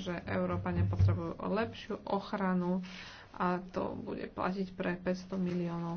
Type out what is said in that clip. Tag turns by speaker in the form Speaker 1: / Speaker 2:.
Speaker 1: že Európa nepotrebuje lepšiu ochranu a to bude platiť pre 500 miliónov